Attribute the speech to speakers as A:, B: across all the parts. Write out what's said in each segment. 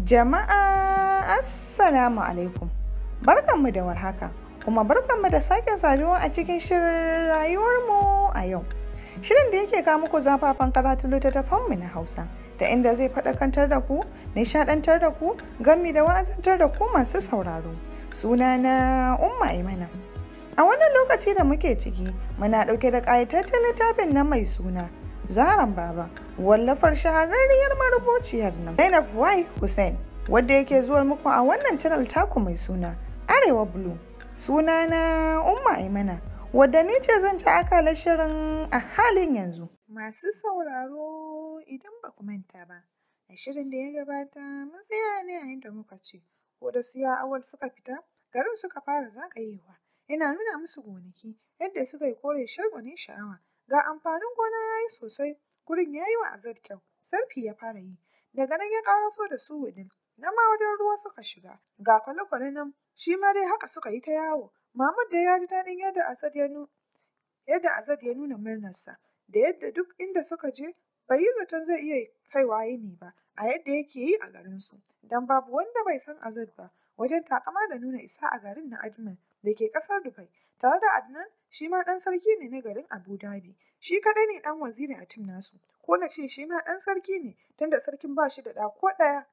A: Jama'a Assalamu alaikum. Barkanmu da warhaka, kuma barkanmu da sake saduwa a cikin shirin rayuwarmu a yau. Shirin da yake kawo muku zafafan karatu mu na Hausa, da inda zai faɗakantar da ku, nishaɗantar da ku, gami da wa'azantar da ku masu sauraro. Sunana Umma Imana. A wannan lokaci da muke ciki, muna ɗauke da ƙayataccen littafin na mai suna zaran baba wallafar shahararriyar marubuciyar nan zainab y hussein wadda yake zuwar muku a wannan channel taku mai suna arewa blue suna na umma aimana wadda ni ce zan ci akalar shirin a halin yanzu masu sauraro idan ba ku manta ba a shirin da ya gabata mun tsaya ne a inda muka ce ko da su ya awal suka fita garin suka fara zagayewa ina nuna musu gonaki yadda suka yi kore shagonin sha'awa Ga amfanin gona ya yi sosai, gurin ya yi wa Azad kyau, sarki ya fara yi. Daga nan ya so da su wudil, nan ma wajen ruwa suka shiga, ga kwale-kwale nan, shi ma dai haka suka yi ta yawo. Mahmud da ya ji daɗin yadda Azad ya nuna murnarsa, da yadda duk inda suka je bai yi zaton zai iya kaiwa yini ba, a yadda yake yi a garinsu, dan babu wanda bai san Azad ba, wajen takama da nuna isa a garin na Ajmer da ke ƙasar Dubai. Tare da Adnan, shi ma ɗan sarki ne na garin Abu Dhabi. Shi kaɗai ne ɗan waziri a tim nasu, ko na ce shi ma ɗan sarki ne, tunda sarkin ba shi da ɗa ko ɗaya.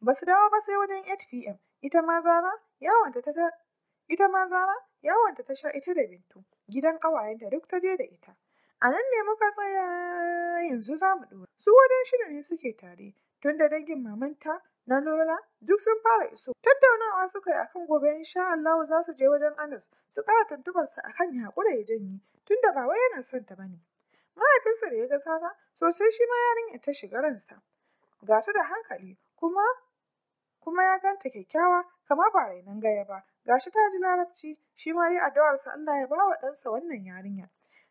A: Ba su dawo ba sai wajen 8 pm, ita ma Zara yawanta ta ita ma Zara yawanta ta sha ita da Bintu, gidan ƙawayenta duk ta je da ita. A nan ne muka tsaya yanzu za mu ɗora. Su wajen shida ne suke tare, tunda da dangin mamanta na Lola duk sun fara iso. Tattaunawa suka yi akan gobe insha Allah za su je wajen Anas su kara tuntubarsa akan ya haƙura ya janye tunda ba wai yana son ta bane. Mahaifinsa da ya ga Sara sosai shi ma yarinyar ta shiga ransa. Ga ta da hankali kuma kuma ya ganta kyakkyawa kamar ba rainan gaya ba. ga shi ta ji larabci shi ma dai addu'arsa Allah ya ba wa ɗansa wannan yarinyar.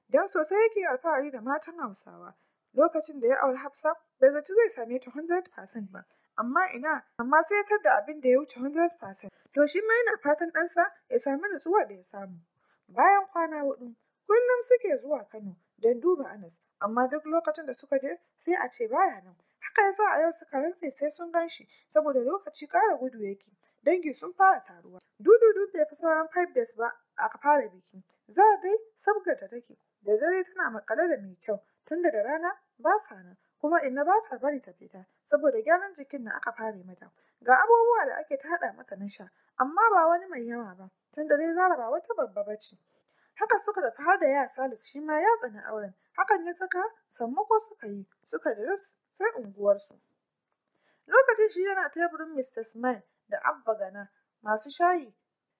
A: Dan sosai yake alfahari da matan Hausawa. Lokacin da ya auri Hafsa bai zaci zai same ta 100% ba. amma ina amma sai ya da abin da ya wuce 100% to shi ma yana fatan ɗansa ya sami nutsuwar da ya samu bayan kwana hudu kullum suke zuwa Kano don duba Anas amma duk lokacin da suka je sai a ce baya nan haka yasa a yau suka rantse sai sun gan shi saboda lokaci ƙara gudu yake dangi sun fara taruwa dudu duk bai fi sauran five days ba ka fara biki zara dai ta take da dare tana makale da mai kyau tunda da rana ba sa nan kuma inna bata ta bari ta fita saboda gyaran jikin na aka fare mata ga abubuwa da ake ta haɗa mata na sha amma ba wani mai yawa ba tun da dai zara ba wata babba bace haka suka tafi har da ya salis shi ma ya tsani auren hakan ya saka sammako suka yi suka diris sai unguwarsu lokacin shi yana teburin mr smile da abba gana masu shayi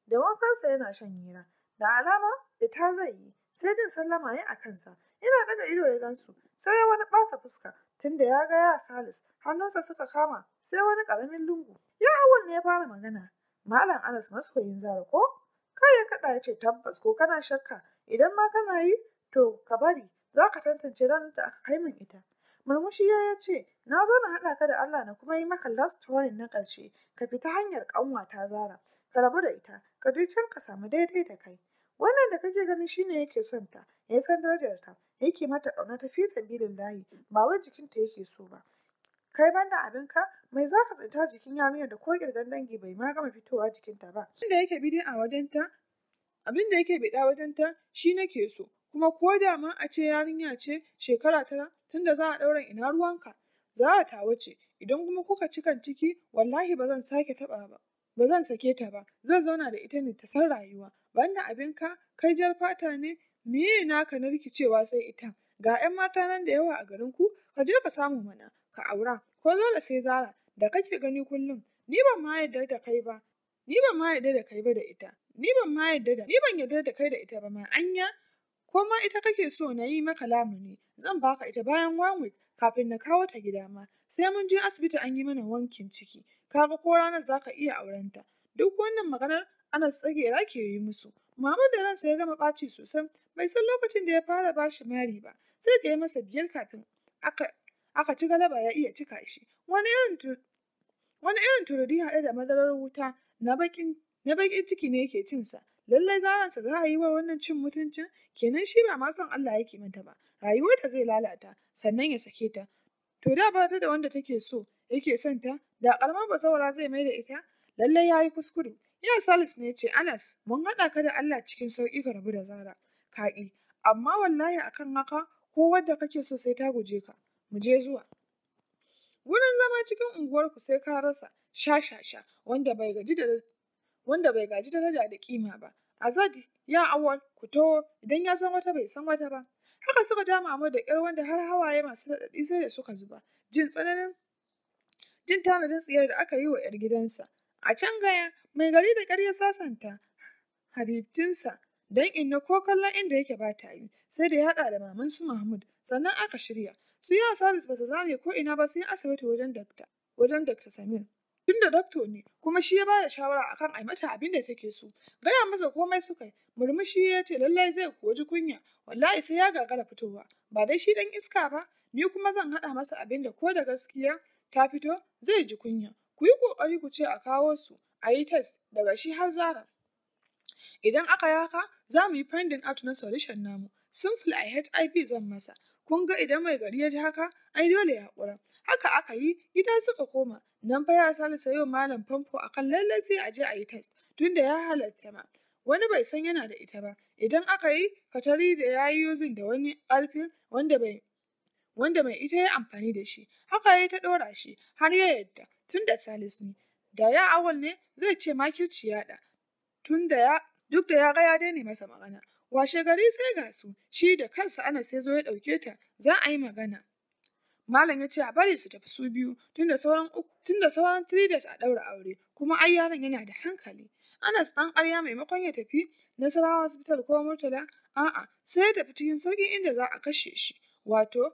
A: da wankansa yana shan hira da alama fita zai yi sai jin sallama ya a kansa yana daga ido ya gansu sai wani bata fuska tunda ya gaya a Salis hannunsa suka kama sai wani karamin lungu. Ya awon ne ya fara magana. Malam Anas masoyin Zara ko? Kai ya kada ya ce tabbas ko kana shakka idan ma kana yi to ka bari za ka tantance ranar da aka kai min ita. Murmushi ya ce na zo na haɗa ka da Allah na kuma yi maka last warning na ƙarshe ka fita hanyar ƙanwa ta Zara ka rabu da ita ka je can ka samu daidai da kai. Wannan da kake gani shine yake son ta ya san darajar ta yake mata ƙauna ta fi sabilin layi ba wai jikinta yake so ba kai ban da abin ka? mai zaka tsinta jikin yarinyar da ko kirgan dangi bai ma gama fitowa jikinta ba abin da yake bidin a wajenta abin da yake bida wajenta shi nake so kuma ko da ma a ce yarinya ce shekara tara tunda za a ɗaura ina ruwanka za a ta wuce idan kuma kuka ci kan ciki wallahi ba zan sake taɓa ba ba zan sake ta ba zan zauna da ita ne ta san rayuwa banda ka, kai jar fata ne miye naka na rikicewa sai ita ga 'yan mata nan da yawa a garin ku ka je ka samu mana ka aura ko dole sai zara da kake gani kullum ni ban ma yarda da kai ba ni ban ma yarda da kai ba da ita ni ban ma yarda da ni ban yarda da kai da ita ba ma anya ko ma ita kake so na yi maka lamuni zan baka ita bayan one kafin na kawo ta gida ma sai mun je asibiti an yi mana wankin ciki kaga ko ranar zaka iya aurenta duk wannan maganar ana tsagera ke yi musu Muhammad da ransa ya gama ɓaci sosai, bai san lokacin da ya fara bashi mari ba, sai da ya masa biyar kafin aka, ci galaba ya iya cika shi. Wani irin wani tururi haɗe da madarar wuta na bakin ciki ne yake cinsa. Lallai zaransa za a yi wa wannan cin mutuncin, kenan shi ba ma son Allah yake mata ba. Rayuwar ta zai lalata, sannan ya sake ta. To da ba ta da wanda take so, yake son ta, da ƙaramar bazawara zai mai da ita, lallai yayi kuskure. ya Salis ne ce, Anas, mun haɗa ka da Allah cikin sauki ka rabu da Zara. Kaƙi, amma wallahi akan haka ko wanda kake so sai ta guje ka. Mu je zuwa. Wurin zama cikin unguwarku sai ka rasa shashasha wanda bai gaji da wanda bai gaji daraja da kima ba. Azadi, ya awal, ku to idan ya san wata bai san wata ba. Haka suka ja mamu da kyar wanda har hawaye masu daɗaɗi sai da suka zuba. Jin tsananin jin tanadin tsiyar da aka yi wa 'yar gidansa. A can gaya, mai gari da ya sasanta habibtinsa don inna ko kallon inda yake ba ta yi, sai da ya haɗa da maman su Mahmud, sannan aka shirya. Su yi Salis ba su zame ko ina ba sai asibiti wajen dakta, wajen dakta Samir. Tun da dakto ne, kuma shi ya ba da shawara akan kan mata abin da take so. Gaya masa komai suka yi, murmushi ya ce lallai zai kuwa ji kunya, wallahi sai ya gagara fitowa. Ba dai shi dan iska ba, ni kuma zan haɗa masa abin da ko da gaskiya ta fito zai ji kunya. ku yi ƙoƙari ku ce a kawo su a yi test daga shi har zara. Idan aka yi haka za mu yi finding out na solution namu. Simple a HIV zan masa. Kun ga idan mai gari ya ji haka ai dole ya haƙura. Haka aka yi gida suka koma. Nan fa ya salisa yau malam famfo kan lallai sai a je a yi test tunda ya halatta ma. wani bai san yana da ita ba idan aka yi katari da ya yi yuzin da wani ƙarfi wanda mai ita ya amfani da shi haka ya yi ta ɗora shi har ya yadda tun da Salis ne, da ya awal ne zai ce makirci ya ɗa, tun da ya duk da ya ga ya daina masa magana. Washe gari sai ga su, shi da kansa ana sai zo ya ɗauke ta, za a yi magana. Malam ya ce a bari su tafi su biyu tunda sauran uku sauran three a ɗaura aure kuma ai yaron yana da hankali. Anas ɗan ƙarya maimakon ya tafi Nasarawa Hospital ko Murtala a'a sai ya tafi cikin sauƙi inda za a kashe shi wato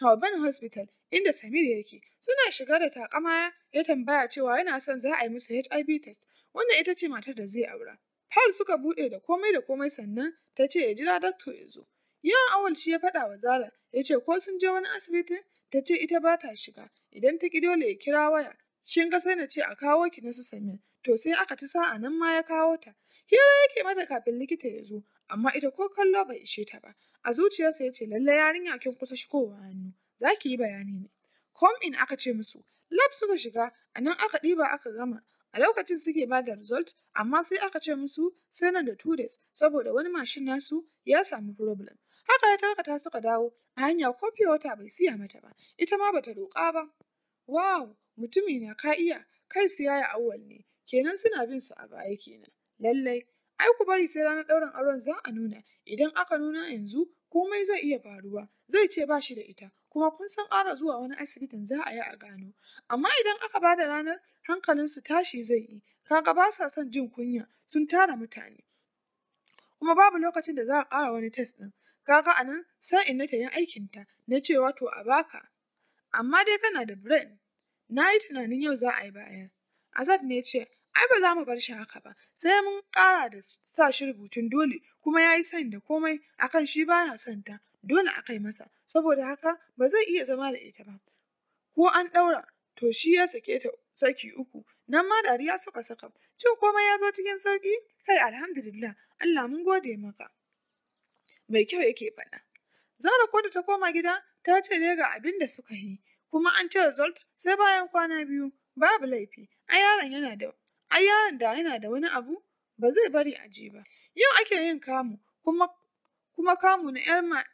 A: Hauban Hospital inda Samir yake. Suna shiga da takama ya tambaya cewa yana son za a yi musu HIV test, wannan ita ce matar da zai aura. Paul suka buɗe da komai da komai sannan ta ce ya jira dakto ya zo. Yawan awal shi ya faɗa wa Zara, ya ce ko sun je wani asibitin ta ce ita ba ta shiga, idan ta ki ya kira waya. Shin ka sai na ce a kawo ki na su Samir, to sai aka ci sa'a nan ma ya kawo ta. Hira yake mata kafin likita ya zo, amma ita ko kallo bai ishe ta ba. A zuciyarsa ya ce lallai yarinya kin kusa shigowa hannu. za ki yi bayani ne. kom in aka ce musu, lab suka shiga, a nan aka ɗiba aka gama. A lokacin suke ba da result, amma sai aka ce musu sanar da two saboda wani mashin nasu ya samu problem. Haka ya tarkata suka dawo, a hanya kofi wata bai siya mata ba, ita ma bata roƙa ba. Wow, mutumi na ka iya, kai siya ya awwal ne, kenan suna bin su a baya kenan. Lallai, ai ku bari sai ranar ɗaurin auren za a nuna, idan aka nuna yanzu komai zai iya faruwa, zai ce ba shi da ita, kuma kun san ƙara zuwa wani asibitin za a yi a gano. Amma idan aka ba da ranar hankalin su tashi zai yi, kaga ba sa son jin kunya sun tara mutane. Kuma babu lokacin da za a ƙara wani test ɗin, kaga a nan in na ta aikin ta na cewa to a baka. Amma dai kana da brain, na yi tunanin yau za a yi bayan. Azad ne ce, ai ba za mu bar shi haka ba sai mun ƙara da sa shi rubutun dole kuma ya yi sani da komai akan shi baya son ta dole akai masa, saboda haka ba zai iya zama da ita ba. Ko an ɗaura, to shi ya sake ta saki uku, nan ma dariya suka saka. Cin komai ya zo cikin sauƙi, kai alhamdulillah, Allah mun gode maka. Mai kyau yake faɗa. Zara ko ta koma gida, ta ce dai ga abin da suka yi, kuma an ce result sai bayan kwana biyu, babu laifi, ai yaron yana da ai yaron da yana da wani abu ba zai bari a ji ba. Yau ake yin kamu, kuma kuma kamu na 'yar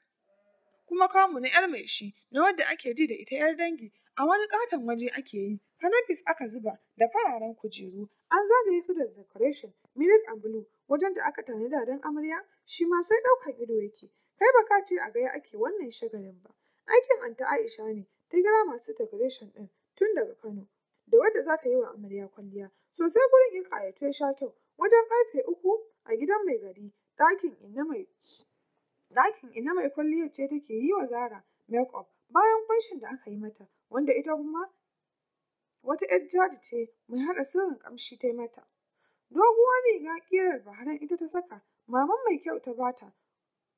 A: kuma kamu na 'yar mai shi na wadda ake ji da ita 'yar dangi a wani katon waje ake yi cannabis aka zuba da fararen kujeru an zagaye su da decoration milk and blue wajen da aka tanada don amarya shi ma sai ɗaukar ido yake kai baka ce a gaya ake wannan shagalin ba aikin anta aisha ne ta gira masu decoration ɗin tun daga kano da wadda za ta yi wa amarya kwalliya sosai gurin in ƙayatu ya sha kyau wajen karfe uku a gidan mai gari ɗakin inna mai ɗakin ina mai kwalliyar ce take yi wa Zara makeup bayan kunshin da aka yi mata wanda ita kuma wata ‘yar jaji ce mai haɗa sirrin ƙamshi ta mata. Doguwar riga ƙirar Bahrain ita ta saka, maman mai kyau ta bata,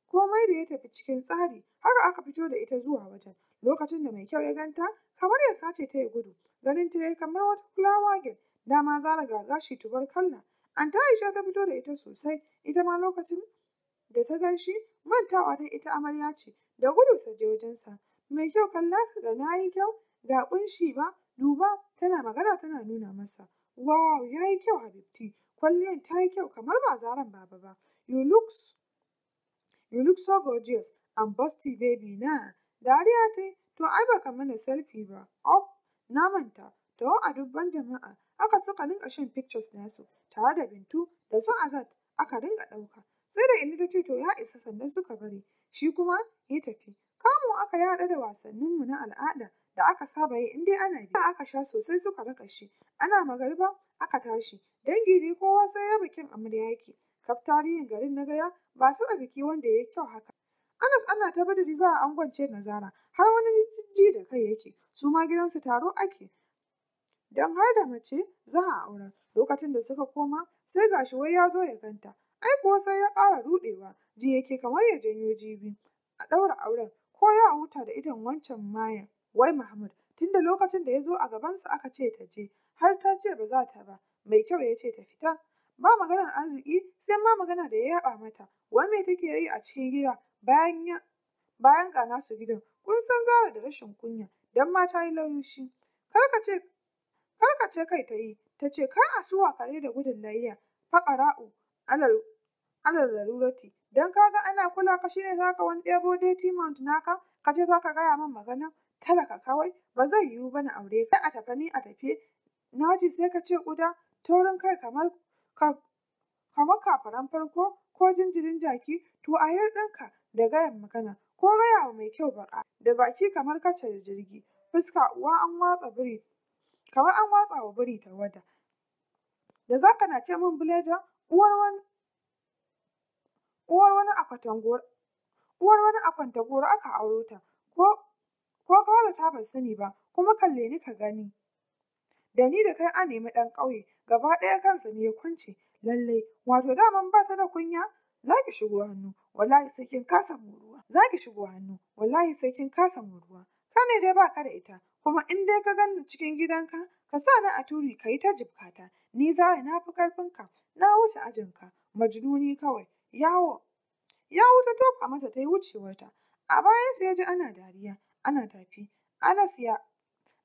A: komai da ya tafi cikin tsari, har aka fito da ita zuwa wajen. Lokacin da mai kyau ya ganta, kamar ya sace ta ya gudu, ganin ta yayi kamar wata fulawa gel, dama Zara ga gashi tubar kalla. Anta Aisha ta fito da ita sosai, ita ma lokacin da ta ganshi? mantawa ta ita amarya ce da gudu ta je wajensa mai kyau kalla ka ga na yi kyau ga kunshi ba duba tana magana tana nuna masa wow ya yi kyau habibti kwalliyar ta yi kyau kamar ba zaren baba ba you look so gorgeous and busty baby na dariya ta yi, to ai baka mana selfie ba oh na manta to a dubban jama'a aka suka rinka shan pictures nasu tare da bintu da su azat aka rinka ɗauka sai da inda ta ce to ya isa sannan suka bari shi kuma ya tafi kamu aka yi haɗa da mu na al'ada da aka saba yi in dai ana biya aka sha sosai suka raka shi ana magariba aka tashi dangi dai kowa sai ya bikin amarya yake kaf tarihin garin na gaya ba taɓa biki wanda ya kyau haka Anas ana ta badari za a angwance Nazara har wani jijji da kai yake su ma gidansu taro ake don har da mace za a aura lokacin da suka koma sai gashi wai ya zo ya ganta ai kuwa sai ya ƙara ruɗewa ji yake kamar ya janyo jibi a ɗaura auren ko ya huta da idon wancan mayan wai Mahmud tunda lokacin da ya zo a gabansa aka ce ta je har ta ce ba za ta ba mai kyau ya ce ta fita ba maganar arziki sai ma magana da ya yaba mata wai me take yi a cikin gida bayan ya bayan gidan kun san zara da rashin kunya dan ma ta yi laushi kar ka ce kai ta yi ta ce kai asuwa kare da gudun layya faƙara'u alal alal larurati dan kaga ana kula ka shine zaka wani ɗebo deti mount naka ka ce zaka gaya min magana talaka kawai ba zai yiwu ba na aure ka a tafi ni a na naji sai ka ce kuda taurin kai kamar kamar kafaran farko ko jinjirin jaki to a hirɗinka da gayan magana ko gaya wa mai kyau baka da baki kamar kace jirgi fuska uwa an watsa biri kamar an watsa wa biri ta wada da zaka na ce min bileja uwar wani uwar wani goro uwar aka auro ta ko ko kawai ta ban sani ba kuma kalle ni ka gani da ni da kai a nemi dan kauye, gaba ɗaya kansa ne ya kwance lallai wato daman ba ta da kunya za ki shigo hannu wallahi sai kin kasa muruwa za ki shigo hannu wallahi sai kin kasa muruwa ka ne dai ka da ita kuma in dai ka gani cikin gidanka ka sa ni a turi ka yi ta jibkata ni zara na fi ƙarfinka na wuce ajinka majnuni kawai yawo yawo ta tofa masa ta yi wucewarta a baya ya ji ana dariya ana tafi anas ya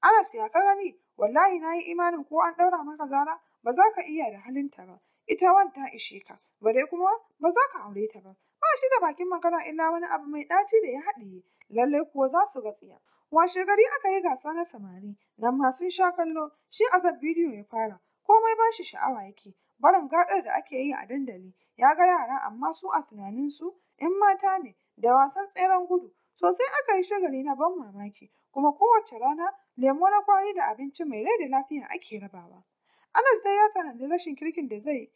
A: anas ya ka gani wallahi na yi imanin ko an ɗaura maka zara ba za ka iya da halinta ba ita wan ta ishe ka bare kuma ba za ka aure ta ba ba shi da bakin magana illa wani abu mai ɗaci da ya haɗiye lallai kuwa za su ga tsiya washe gari aka yi gasa na samari nan ma sun sha kallo shi azab bidiyo ya fara komai ba shi sha'awa yake barin gaɗar da ake yi a dandali ya ga yara amma su a tunanin su ‘yan mata ne da wasan tseren gudu. Sosai aka yi shagali na ban mamaki, kuma kowace rana lemo na kwari da abinci mai rai da lafiya ake rabawa. Anas dai ya tanadi rashin kirkin da zai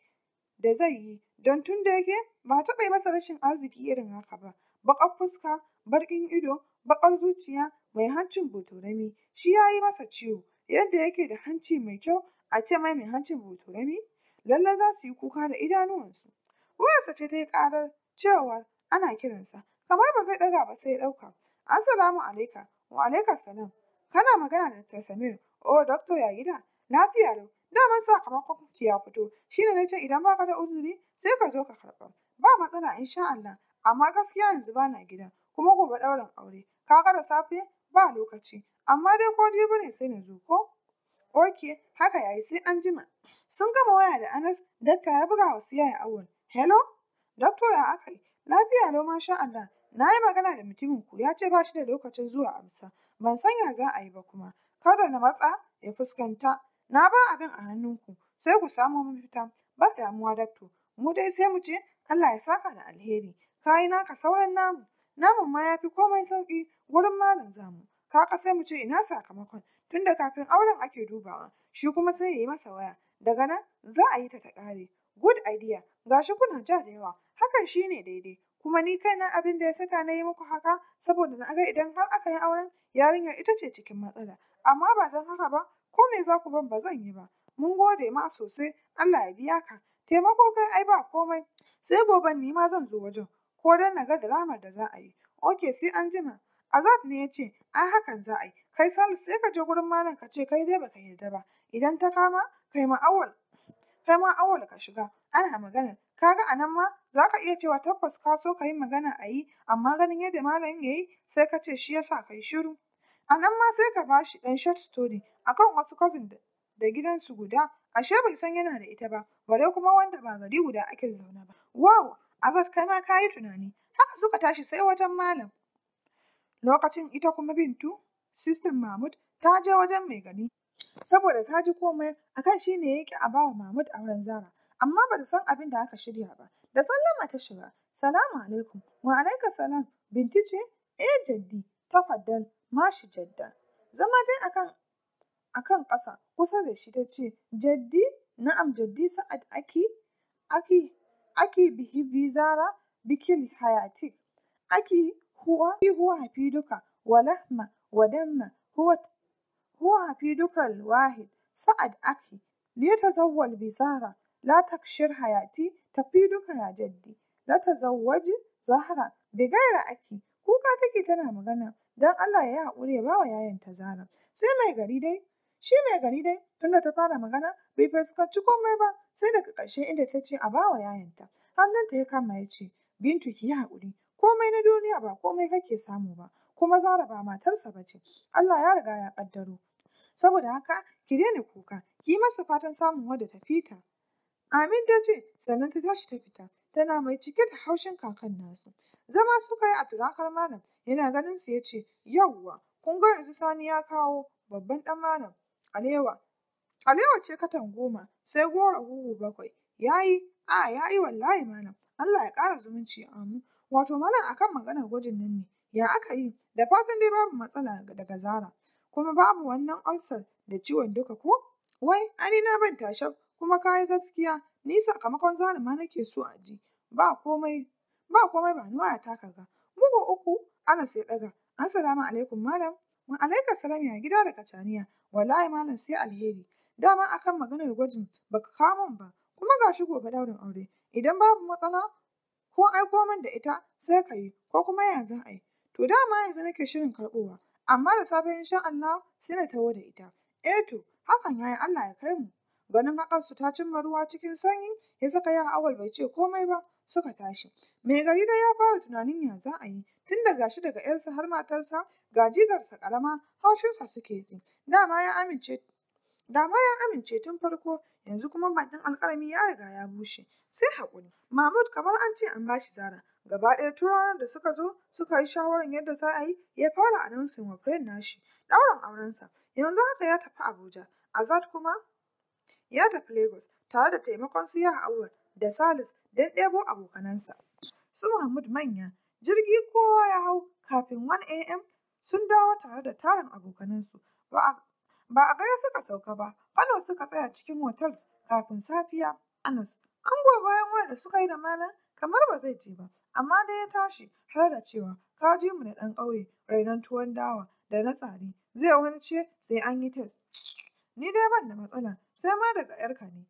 A: da zai yi don tun da yake ba a taɓa yi masa rashin arziki irin haka ba. Baƙar fuska, barkin ido, baƙar zuciya, mai hancin buturami shi ya yi masa ciwo. Yadda yake da hanci mai kyau, a ce mai mai hancin buturami lallai za su yi kuka da idanuwansu. uwarsa ce ta yi ƙarar cewa ana kiransa. Kamar ba zai daga ba sai ya ɗauka. Assalamu alaika. Wa alaika salam. Kana magana da Dr. Samir. o oh, dr ya gida. Lafiya lau. Daman sakamakon ki ya fito. Shi ne na ce idan baka da uzuri sai ka zo ka karɓa. Ba matsala insha Allah. Amma gaskiya yanzu bana gida. Kuma gobe ɗaurin aure. Kaga da safe ba lokaci. Amma dai ko jibi ne sai na zo ko? Oke, haka yayi sai an jima. Sun gama waya da Anas, Dakka ya buga wa yayi ya awon. hello, doctor ya aka yi? Lafiya lau masha Allah. Na yi magana da mutumin ku ya ce ba shi da lokacin zuwa amsa. Ban san ya za a yi ba kuma. Kada na matsa ya fuskanta. Na bar abin a hannunku sai ku samu mafita. Ba damuwa dakto. Mu dai sai mu ce Allah ya saka da alheri. Ka yi naka sauran namu. Namun ma ya fi komai sauƙi wurin malam zamu. Kaka sai mu ce ina sakamakon tunda kafin auren ake dubawa shi kuma sai ya yi masa waya. Daga nan za a yi ta ta ƙare. Good idea, gashi kuna ja da yawa, hakan shi ne daidai. Kuma ni kaina abin da ya saka na yi muku haka, saboda na ga idan har aka yi auren yarinyar ita ce cikin matsala. Amma ba don haka ba, ko me za ku ban ba zan yi ba. Mun gode ma sosai, Allah ya biya ka. Taimako kai ai ba komai, sai gobe ni ma zan zo wajen, ko dan na ga diramar da za a yi. Oke sai an jima. Azad ne ya ce, ai hakan za a yi, kai Salisu sai ka je gurin malam ka ce kai dai baka yarda ba, idan ta kama kai ma awal kai ma awal ka shiga ana magana. ka ga a nan ma za ka iya cewa tabbas ka so ka yi magana a yi amma ganin yadda malamin ya yi sai ka ce shi ya sa ka yi shiru a nan ma sai ka bashi ɗan short story akan wasu cousin da gidansu guda ashe bai san yana da ita ba bare kuma wanda ba gari guda ake zaune ba wow azat kai ma ka yi tunani haka suka tashi sai wajen malam lokacin ita kuma bintu sistan mahmud ta je wajen mai gani. saboda ta ji komai akan shi ne yake a bawa Mahmud auren Zara amma ba ta san abin da aka shirya ba da sallama ta shiga salamu alaikum wa alaika salam binti ce eh jaddi tafaddal mashi jadda zama dai akan akan ƙasa kusa da shi ta ce jaddi na'am jaddi sa'ad aki aki aki bihi bi zara bikil hayati aki huwa huwa duka, wa lahma wa damma huwa هو bi zahra. سعد أخي ليتزوج بزهرة لا تكشر حياتي تفيدك يا جدي لا تزوج زهرة بغير أخي kuka take tana magana don Allah ya hakuri ya bawa yayanta zara sai mai gari dai shi mai gari dai tunda ta fara magana bai fuskanci komai ba sai daga ƙarshe inda ta ce a bawa yayanta hannunta ya kama ya ce bintu ki yi haƙuri komai na duniya ba komai kake samu ba kuma zara ba matarsa ba ce Allah ya riga ya ƙaddaro saboda haka ki daina kuka, ki masa fatan samun wadda ta fita. Amin ta ce sannan ta tashi ta fita, tana mai cike da haushin kakan nasu. Zama suka yi a turakar malam, yana ganin su ya ce, yawwa, kun ga yanzu sani ya kawo babban dan malam, alewa. Alewa ce katan goma, sai goro huhu bakwai, yayi, a yayi wallahi malam, Allah ya ƙara zumunci amin. Wato malam akan maganar gwajin nan ne, ya aka yi, da fatan dai babu matsala daga Zara. kuma babu wannan ulcer da ciwon duka ko? Wai, ani na ban tasha kuma ka gaskiya, ni sakamakon zalima nake so a ji, ba komai, ba komai ba ni wayata ka ga. Bugu uku, ana sai ɗaga, assalamu alaikum malam, wa alaikum salam ya gida da kacaniya, wallahi malam sai alheri. Dama akan maganar gwajin baka min ba, kuma ga shi gobe daurin aure, idan babu matsala ko aiko min da ita sai kayi ko kuma ya za a yi. To dama yanzu nake shirin karɓowa, amma da safe insha Allah sai na taho da ita. Eh to, hakan yayi Allah ya kai mu. Ganin haƙarsu ta cimma ruwa cikin sanyi, ya saka ya awal bai ce komai ba, suka tashi. Mai gari da ya fara tunanin ya za a yi, tun daga shi daga ‘yarsa har matarsa ga jigarsa ƙarama haushinsa suke ji. Dama ya amince Dama ya amince tun farko, yanzu kuma bakin alƙalami ya riga ya bushe. Sai haƙuri. Mahmud kamar an ce an bashi zara, Gaba ɗaya tun da suka zo suka yi shawarar yadda za a yi ya fara anansin wa friend nashi ɗaurin aurensa. Yanzu haka ya tafi Abuja, Azad kuma ya tafi Lagos tare da taimakon su ya hawa da Salis don ɗebo abokanansa. Su Mahmud manya, jirgi kowa ya hau kafin 1 a.m. sun dawo tare da tarin abokanansu. Ba a gaya suka sauka ba, Kano suka tsaya cikin hotels kafin safiya. Anas, an bayan wanda suka yi da malam kamar ba zai je ba, amma da ya tashi har da cewa ka ji mu da ɗan ƙauye rainon tuwon dawa da na tsari zai wani sai an yi test. Ni dai ban da matsala sai ma daga ‘yarka ne.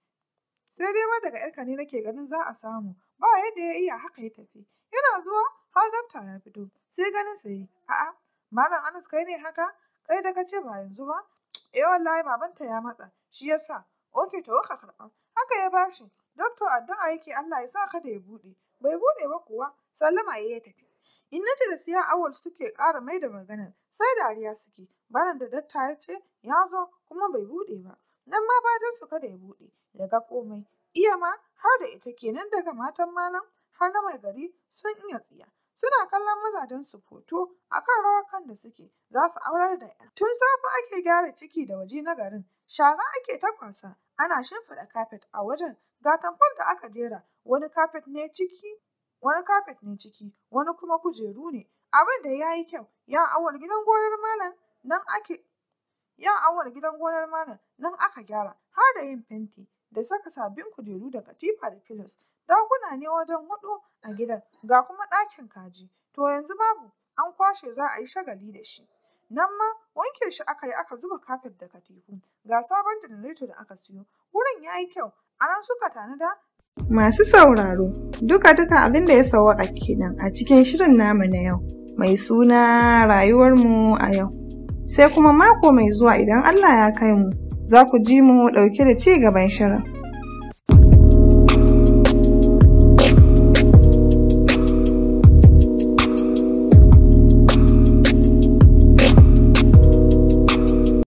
A: Sai dai ma daga ‘yarka ne nake ganin za a samu ba yadda ya iya haka ya tafi. Yana zuwa har dokta ya fito sai ganin sai a'a malam Anas kai ne haka kai da ka ce ba yanzu ba. Eh wallahi babanta ya matsa shi yasa oke to ka karɓa haka ya bashi Dokto addu'a yake Allah ya sa kada ya buɗe. Bai buɗe ba kuwa, sallama ya tafi. In na ce da siya awal suke ƙara mai da maganar, sai dariya suke. Baran da dakta ya ce, ya zo kuma bai buɗe ba. Nan ma fatan su kada ya buɗe, ya ga komai. Iya ma har da ita kenan daga matan malam har na mai gari sun iya tsiya. Suna kallon mazajen su foto a kan rawar kan da suke za su aurar da ya. Tun safe ake gyara ciki da waje na garin, shara ake takwasa. ana shimfiɗa kafet a wajen Ga tamfol da aka jera, wani kafet ne ciki, wani kafet ne ciki, wani kuma kujeru ne. Abin da ya yi kyau, ya awar gidan gonar malam nan ake yan awar gidan gonar malam nan aka gyara har da yin fenti da saka sabbin kujeru da katifa da filos. Dakuna ne wajen hudu a gidan ga kuma ɗakin kaji. To yanzu babu an kwashe za a yi shagali da shi. Nan ma wanke shi aka yi aka zuba kafet da katifu. Ga sabon janareto da aka siyo. Wurin ya yi kyau a nan suka tanada. Masu sauraro, duka-duka abin da ya sawaka kenan a cikin shirin namu na yau, mai suna rayuwarmu a yau. Sai kuma mako mai zuwa idan Allah ya kai mu, za ku ji mu ɗauke da ci gaban shirin.